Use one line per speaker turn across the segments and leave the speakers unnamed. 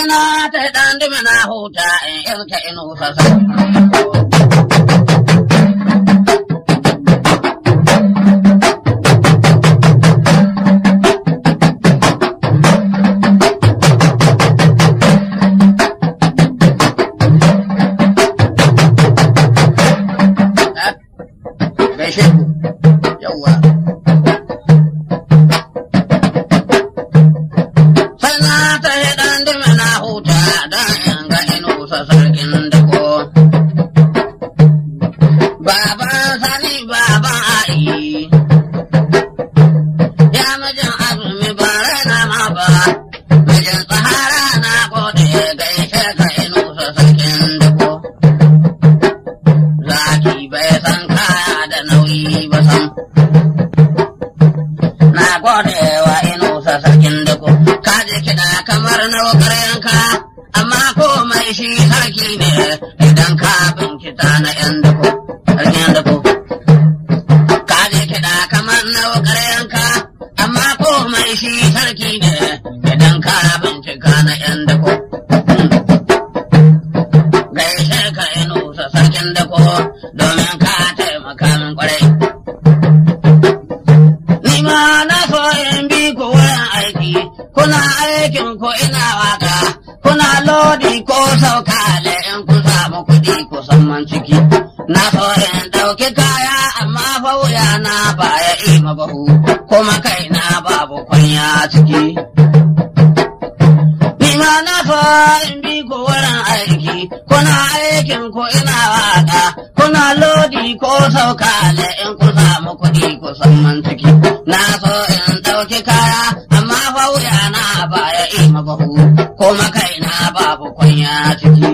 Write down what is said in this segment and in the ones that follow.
Ina ta dan dumana huta in iska in hufasa. bayanka amma komai shi harki ne idan ka binkita na yan dako harkin yan dako ka je kiɗa kamar na wakar kayanka amma komai shi harki ne idan ka bincika na yan dako sauka da in ku samu kuɗi ku man ciki. Na saurin ɗauki kaya amma fauya na baya ima bahu kuma na babu kwanya ciki. Nima na so in bi ku wurin aiki kuna aikin ku ina waka kuna lodi ko sauka da in ku samu kuɗi ku man ciki. Na so in ɗauki kaya amma fauya na ba ya mabahu, ba ba babu kunya ciki.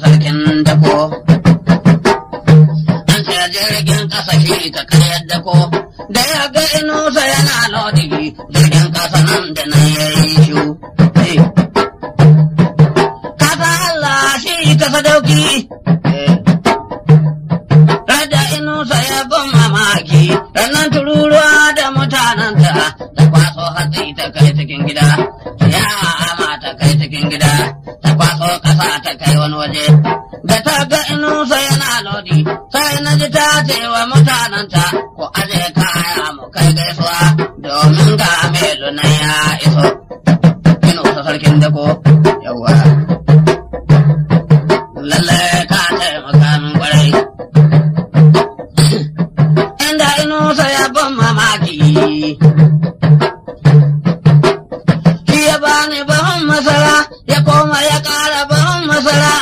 sarkin dako. An ce jirgin ƙasa shi ka karyar dako, da ya ga inusa yana lodi jirgin ƙasa nan da nan ya yi shu. Eh. Kasa Allah shi ka sadauki, eh. rada inusa ya ban mamaki, rannan tururuwa da ta da kwaso hatsi ta kai cikin gida, ya ama ta kai cikin gida. ta kwaso kasa ta kai wani waje. Da ta ga inusa yana lodi, sai na ji ta ce wa mutanenta Ko aje kaya mu kai gaisuwa domin ga melu na ya iso. Inu Inusa sarkin dako, yawa. Lalle ka taimaka min kwarai. Inda inu sai ya ban mamaki. Shi ya bani bahon masara ya koma ya ƙara ba masara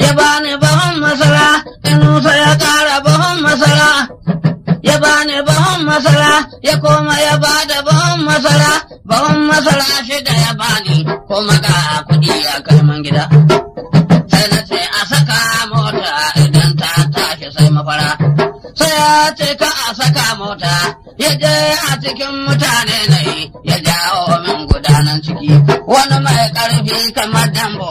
ya bani bahon masara inusa ya kara bahon masara ya bani bahon masara ya koma ya bada bahon masara bahon masara shida ya bani kuma ga kuɗi a kalman gida sai na ce a saka mota idan ta tashi sai mafara sai ya ce ka a saka mota ya je a cikin mutane ne ya jawo min gudanan ciki wani mai karfi kamar dambo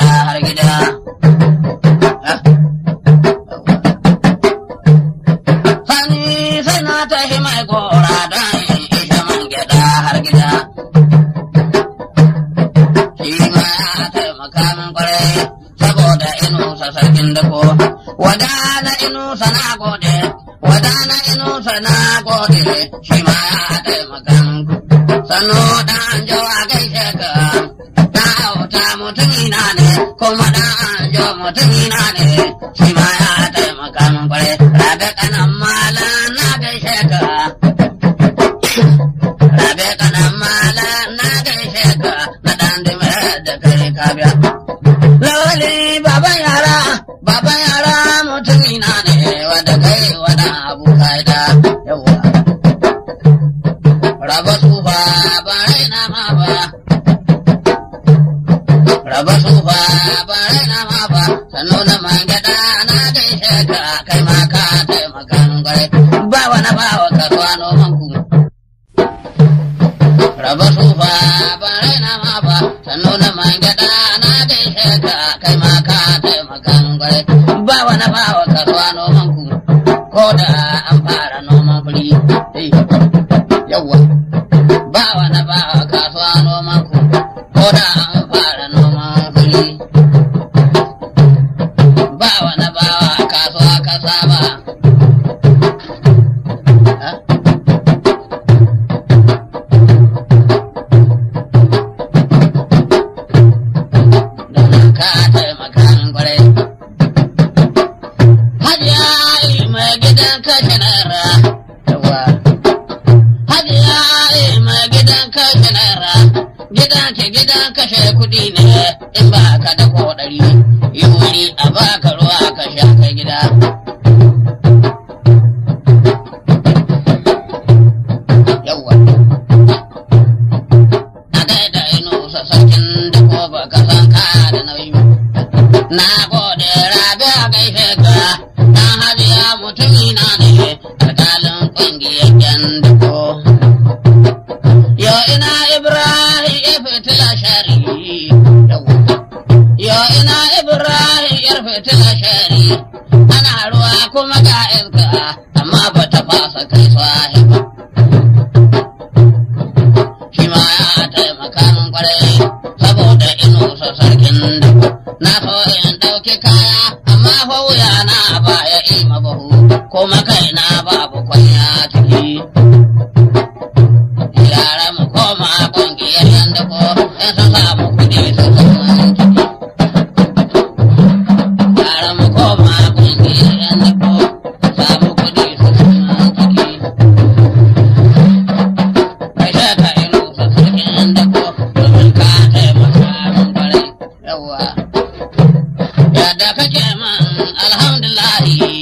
ya taimaka min kwarai saboda inusa sarkin dako wadana inusa na gode wadana inusa na gode shi ma ya taimaka min sanu dan jawa gaishe ka na auta na ne kuma dan jawa na ne shi ma ya taimaka min kwarai rabe kanan malam na gaishe ka mai kabiya. Lawali baban yara, baban yara na ne wanda kai wani abu kaida yawa. Raba tsufa ba raina ma ba. Raba tsufa ba raina ma ba, sannu na man na gaishe ka kai ma ka taimaka gwarai. Ba wani bawa kasuwa noman ku. Raba tsufa na na gaishe ka kai ma ka taimakan ba wa bawa ka gida ce gida kashe kuɗi ne in ba ka da ɗari yi wuri a baka ruwa ka sha ka gida. Yawwa. A gaida inu sassakin da ba ka san ka da nauyi. Na gode rabe a gaishe ka, ɗan hajiya mutum ina ne, alƙalin ƙungiyar yan da shari Yo ina Ibrahim yar fitila shari ana ruwa kuma ga iska amma ba ta fasa kai sahi Shi ma ya taimaka min kwarai saboda inusa sarkin da na so in ɗauki kaya amma fa wuya na baya ima bahu kuma kaina yawwa. Ya da kake man alhamdulahi